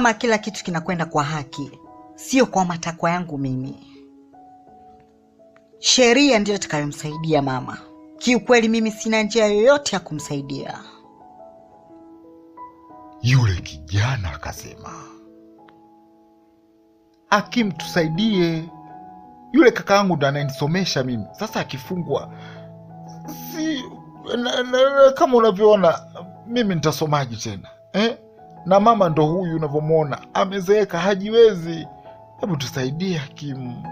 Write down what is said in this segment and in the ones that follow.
mama, kila kitu kinakwenda kwa haki, sio kwa matakwa yangu mimi. Sheria ndiyo itakayomsaidia mama. Kiukweli mimi sina njia yoyote ya kumsaidia. Yule kijana akasema, hakimu, tusaidie yule kaka yangu ndo anayenisomesha mimi. Sasa akifungwa, si na, na, kama unavyoona mimi nitasomaji tena eh? na mama ndo huyu unavyomwona amezeeka, hajiwezi. Hebu tusaidie hakimu.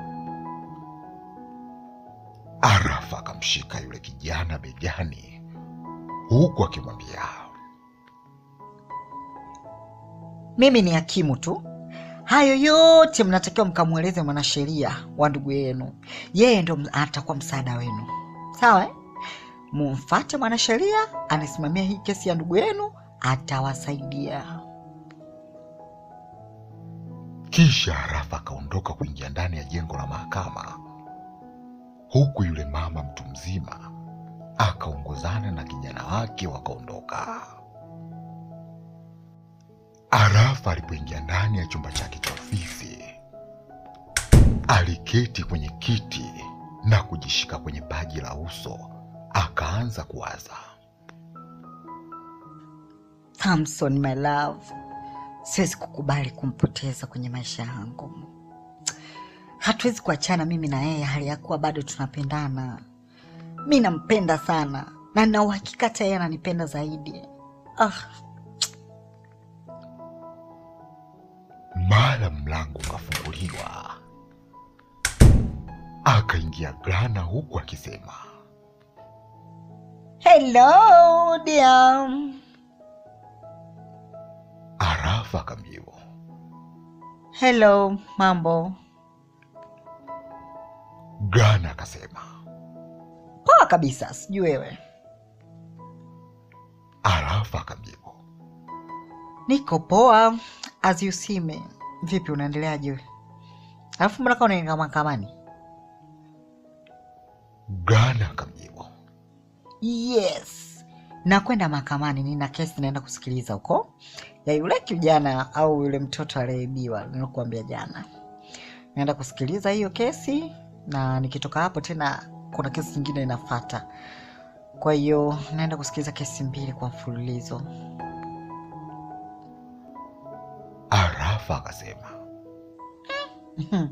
Arafa akamshika yule kijana begani, huku akimwambia mimi ni hakimu tu, hayo yote mnatakiwa mkamweleze mwanasheria wa ndugu yenu, yeye ndo atakuwa msaada wenu. Sawa eh? Mumfate mwanasheria anasimamia hii kesi ya ndugu yenu, atawasaidia. Kisha Rafa akaondoka kuingia ndani ya jengo la mahakama, huku yule mama mtu mzima akaongozana na kijana wake wakaondoka. Arafa alipoingia ndani ya chumba chake cha ofisi, aliketi kwenye kiti na kujishika kwenye paji la uso, akaanza kuwaza. Samson my love siwezi kukubali kumpoteza kwenye maisha yangu. Hatuwezi kuachana mimi na yeye hali ya kuwa bado tunapendana. Mi nampenda sana na nina uhakika hata yeye ananipenda zaidi. Ah, mara mlango ukafunguliwa, akaingia Grana huku akisema hello dear mwafaka mjibu hello, mambo gana akasema poa kabisa sijui wewe arafa akamjibu niko poa as you see me vipi unaendeleaje alafu mbona kaa unaenda mahakamani gana akamjibu yes nakwenda mahakamani nina kesi naenda kusikiliza huko ya yule kijana au yule mtoto aliyeibiwa nilikuambia jana. Naenda kusikiliza hiyo kesi, na nikitoka hapo tena kuna kesi nyingine inafata Kwa hiyo naenda kusikiliza kesi mbili kwa mfululizo. Arafa akasema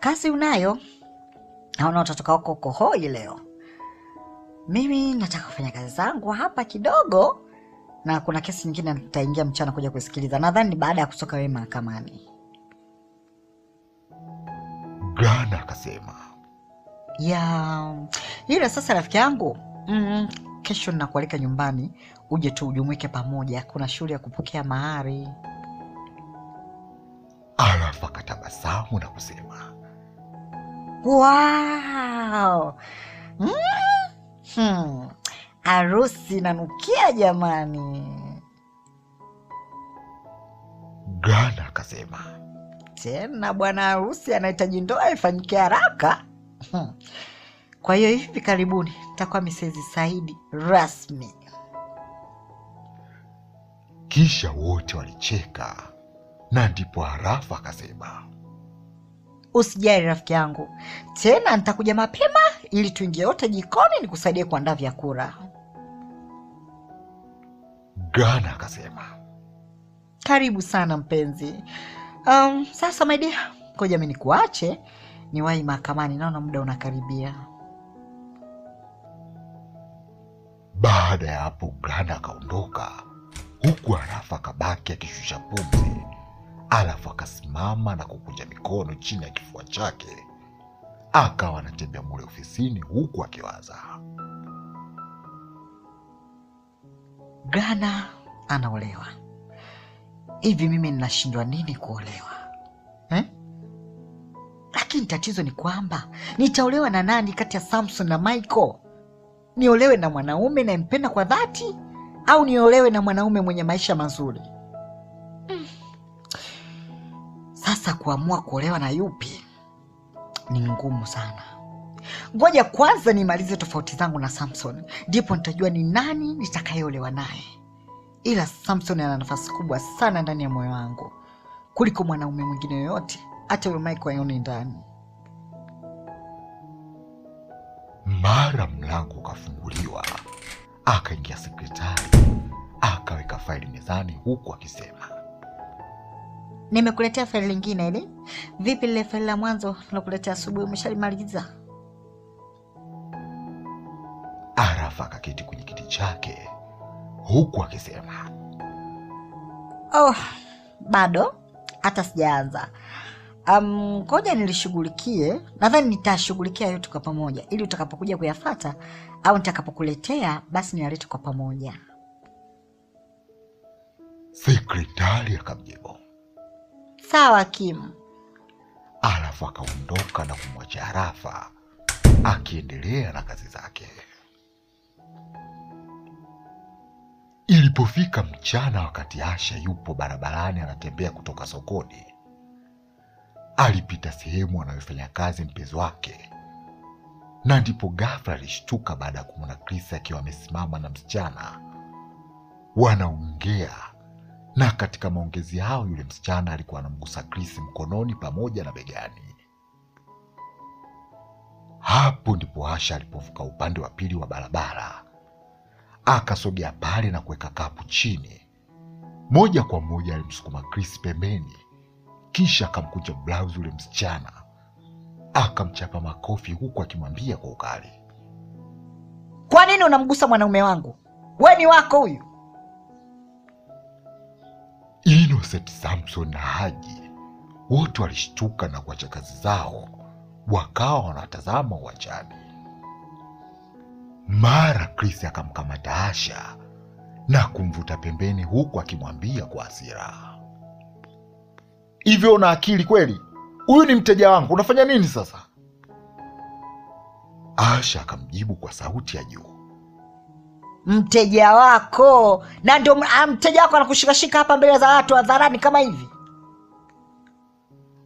kazi unayo, naona utatoka huko huko hoi leo. Mimi nataka kufanya kazi zangu hapa kidogo na kuna kesi nyingine tutaingia mchana kuja kusikiliza, nadhani baada ya kutoka wewe mahakamani. Gana akasema ya ile sasa, rafiki yangu mm, kesho ninakualika nyumbani uje tu ujumuike pamoja, kuna shughuli ya kupokea mahari. Alafu akatabasamu na kusema wow. mm. hmm. Harusi inanukia jamani. Gana akasema tena, bwana harusi anahitaji ndoa ifanyike haraka. Hmm. Kwa hiyo hivi karibuni nitakuwa misezi Saidi rasmi. Kisha wote walicheka na ndipo Arafa akasema, usijali rafiki yangu, tena nitakuja mapema ili tuingie wote jikoni nikusaidie kuandaa vyakula. Ghana akasema karibu sana mpenzi. Um, sasa my dear, ngoja mimi nikuache niwahi mahakamani, naona muda unakaribia. Baada ya hapo Ghana akaondoka, huku Arafa akabaki akishusha pumzi. Alafu akasimama na kukunja mikono chini ya kifua chake, akawa anatembea mule ofisini huku akiwaza Gana anaolewa hivi, mimi ninashindwa nini kuolewa eh? Lakini tatizo ni kwamba nitaolewa na nani kati ya Samson na Michael? Niolewe na mwanaume nayempenda kwa dhati au niolewe na mwanaume mwenye maisha mazuri? Sasa kuamua kuolewa na yupi ni ngumu sana ngoja kwanza nimalize tofauti zangu na Samson, ndipo nitajua ni nani nitakayeolewa naye. Ila Samson ana nafasi kubwa sana ndani ya moyo wangu kuliko mwanaume mwingine yoyote, hata huyo Michael aione ndani. Mara mlango ukafunguliwa, akaingia sekretari, akaweka faili mezani, huku akisema nimekuletea faili lingine. Ili vipi lile faili la mwanzo nakuletea asubuhi, umeshalimaliza? Martha akaketi kwenye kiti chake huku akisema oh, bado hata sijaanza Um, koja nilishughulikie. Nadhani nitashughulikia yote kwa pamoja, ili utakapokuja kuyafata au nitakapokuletea basi niyalete kwa pamoja. Sekretari akamjibu sawa, Kim, alafu akaondoka na kumwacha Arafa akiendelea na kazi zake. Ilipofika mchana, wakati Asha yupo barabarani anatembea kutoka sokoni, alipita sehemu anayofanya kazi mpenzi wake, na ndipo ghafla alishtuka baada ya kumwona krisi akiwa amesimama na msichana wanaongea, na katika maongezi yao yule msichana alikuwa anamgusa krisi mkononi pamoja na begani. Hapo ndipo Asha alipovuka upande wa pili wa barabara akasogea pale na kuweka kapu chini. Moja kwa moja alimsukuma Chris pembeni, kisha akamkunja blausi yule msichana, akamchapa makofi huku akimwambia kwa ukali, kwa nini unamgusa mwanaume wangu? We ni wako huyu. Innocent Samson na Haji wote walishtuka na kuacha kazi zao, wakawa wanatazama uwanjani. Mara Chris akamkamata Asha na kumvuta pembeni, huku akimwambia kwa hasira, hivyo una akili kweli? Huyu ni mteja wangu, unafanya nini sasa? Asha akamjibu kwa sauti ya juu, mteja wako na ndio ah, mteja wako anakushikashika hapa mbele za watu hadharani kama hivi?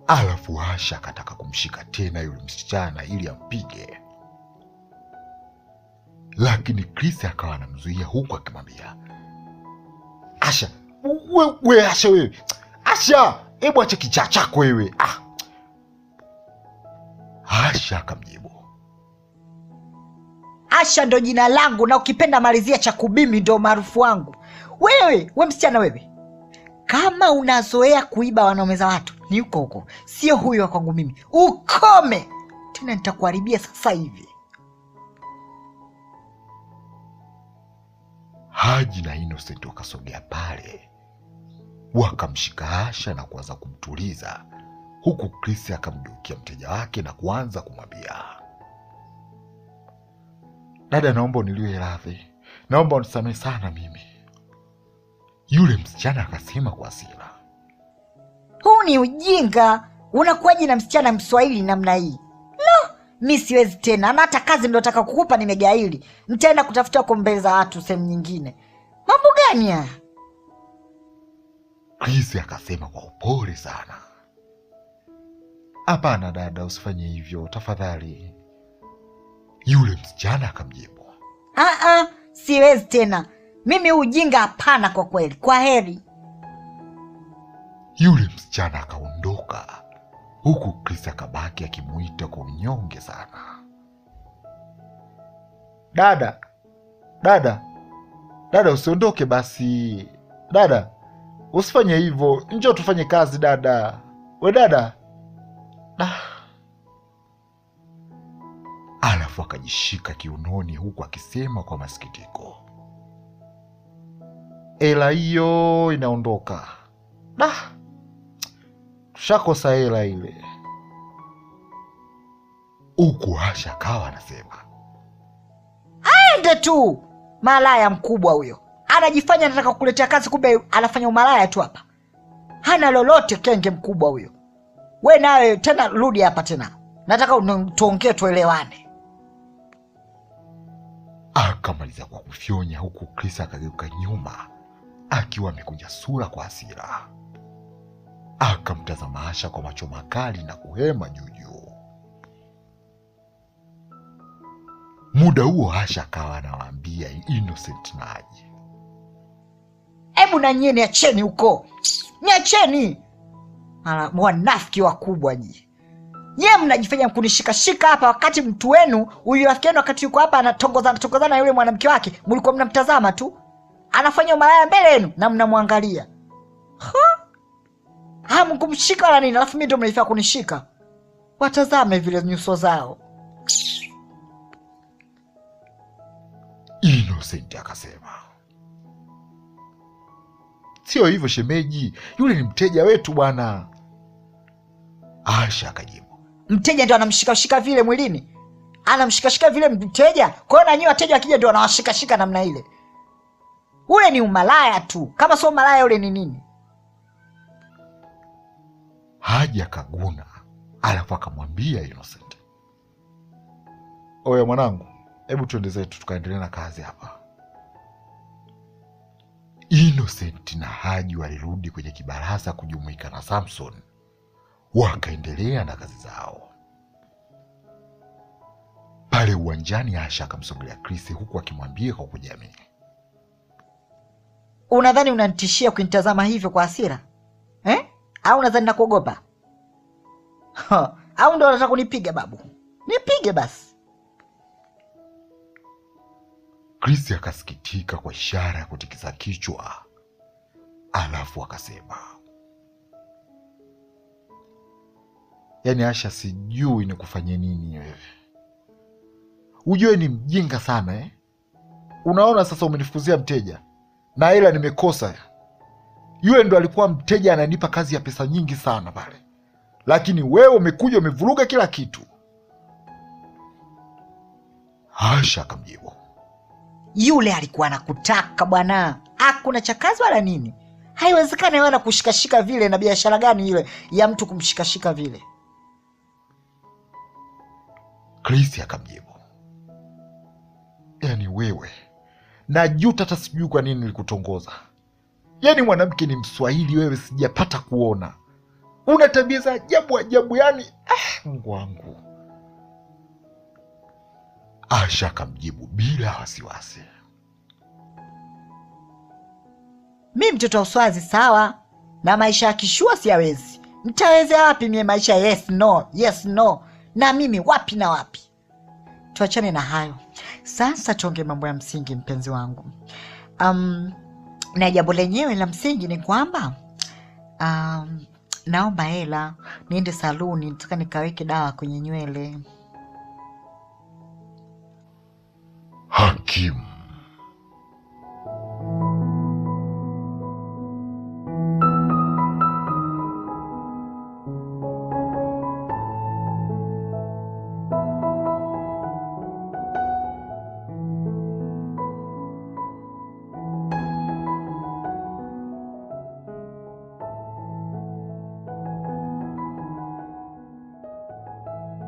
Alafu Asha akataka kumshika tena yule msichana ili ampige lakini Chris akawa anamzuia huku akimwambia Asha, we, we Asha wewe, Asha hebu acha kichaa chako wewe. Ah, Asha akamjibu, Asha ndo jina langu na ukipenda malizia cha kubimi ndo maarufu wangu. Wewe we msichana wewe, kama unazoea kuiba wanaume za watu ni huko huko, sio huyo wa kwangu mimi. Ukome tena, nitakuharibia sasa hivi. Haji na Innocent wakasogea pale, wakamshika Asha na kuanza kumtuliza, huku Chris akamgeukia mteja wake na kuanza kumwambia, dada, naomba uniliwe radhi, naomba unisamehe sana mimi. Yule msichana akasema kwa hasira, huu ni ujinga, unakuwaje na msichana mswahili namna hii? mi siwezi tena, ama hata kazi niliotaka kukupa nimegaili, nitaenda kutafuta huko watu sehemu nyingine. Mambo gani haya? Rahisi akasema kwa upole sana, hapana dada, usifanye hivyo tafadhali. Yule msichana akamjibu, ah, ah, siwezi tena mimi ujinga, hapana, kwa kweli, kwa heri. Yule msichana akaondoka huku Chris akabaki akimuita kwa unyonge sana, dada dada dada, usiondoke basi dada, usifanye hivyo, njoo tufanye kazi dada, we dada ah. Alafu akajishika kiunoni huku akisema kwa masikitiko, ela hiyo inaondoka. Nah shakosa hela ile huku. Asha kawa anasema aende tu, malaya mkubwa huyo, anajifanya anataka kukuletea kazi, kumbe anafanya umalaya tu hapa, hana lolote. Kenge mkubwa huyo. We nawe tena rudi hapa tena, nataka tuongee, tuelewane. Akamaliza kwa kufyonya, huku Krisa akageuka nyuma akiwa amekunja sura kwa asira akamtazama Asha kwa macho makali na kuhema juujuu. Muda huo Asha akawa anawaambia Innocent na aje, hebu na nyie niacheni huko, niacheni wanafiki wakubwa ji nyie mnajifanya kunishikashika hapa, wakati mtu wenu huyu rafiki yenu wakati yuko hapa anatongozana tongozana na yule mwanamke wake, mlikuwa mnamtazama tu anafanya umalaya mbele yenu na mnamwangalia hamu kumshika wala nini, alafu mimi ndio mnaifaa kunishika. Watazame vile nyuso zao. Innocent akasema sio hivyo shemeji, yule ni mteja wetu bwana. Asha akajibu, mteja ndo anamshikashika vile mwilini, anamshikashika vile mteja. Kwa hiyo nanyi wateja wakija ndo anawashikashika namna ile. Ule ni umalaya tu, kama sio malaya ule ni nini? haja Kaguna, alafu akamwambia Innocent, oya mwanangu, hebu tuende zetu tukaendelea na kazi hapa. Innocent na Haji walirudi kwenye kibaraza kujumuika na Samson, wakaendelea na kazi zao pale uwanjani. Asha akamsogelea Chris huku akimwambia kwa kujamii unadhani unanitishia kunitazama hivyo kwa hasira? au unadhani nakuogopa? au ndo unataka kunipiga babu? Nipige basi. Chris akasikitika kwa ishara ya kutikisa kichwa, alafu akasema, yaani Asha, sijui ni nikufanyie nini wewe. Ujue ni mjinga sana eh? Unaona sasa umenifukuzia mteja na ila nimekosa yule ndo alikuwa mteja ananipa kazi ya pesa nyingi sana pale, lakini wewe umekuja umevuruga kila kitu. Asha akamjibu, yule alikuwa anakutaka bwana, hakuna cha kazi wala nini. Haiwezekani wana kushikashika vile, na biashara gani ile ya mtu kumshikashika vile? Chris akamjibu, yaani wewe najuta, hata sijui kwa nini nilikutongoza yani mwanamke ni Mswahili wewe, sijapata kuona una tabia za ajabu ajabu, yani ah, Mungu wangu. Asha akamjibu bila wasiwasi, mi mtoto wa uswazi sawa, na maisha ya kishua siyawezi. Nitaweza wapi mie maisha yes no, yes no, na mimi wapi na wapi? Tuachane na hayo sasa, tuongee mambo ya msingi, mpenzi wangu. um, na jambo lenyewe la msingi ni kwamba um, naomba hela niende saluni, nataka nikaweke dawa kwenye nywele. Hakimu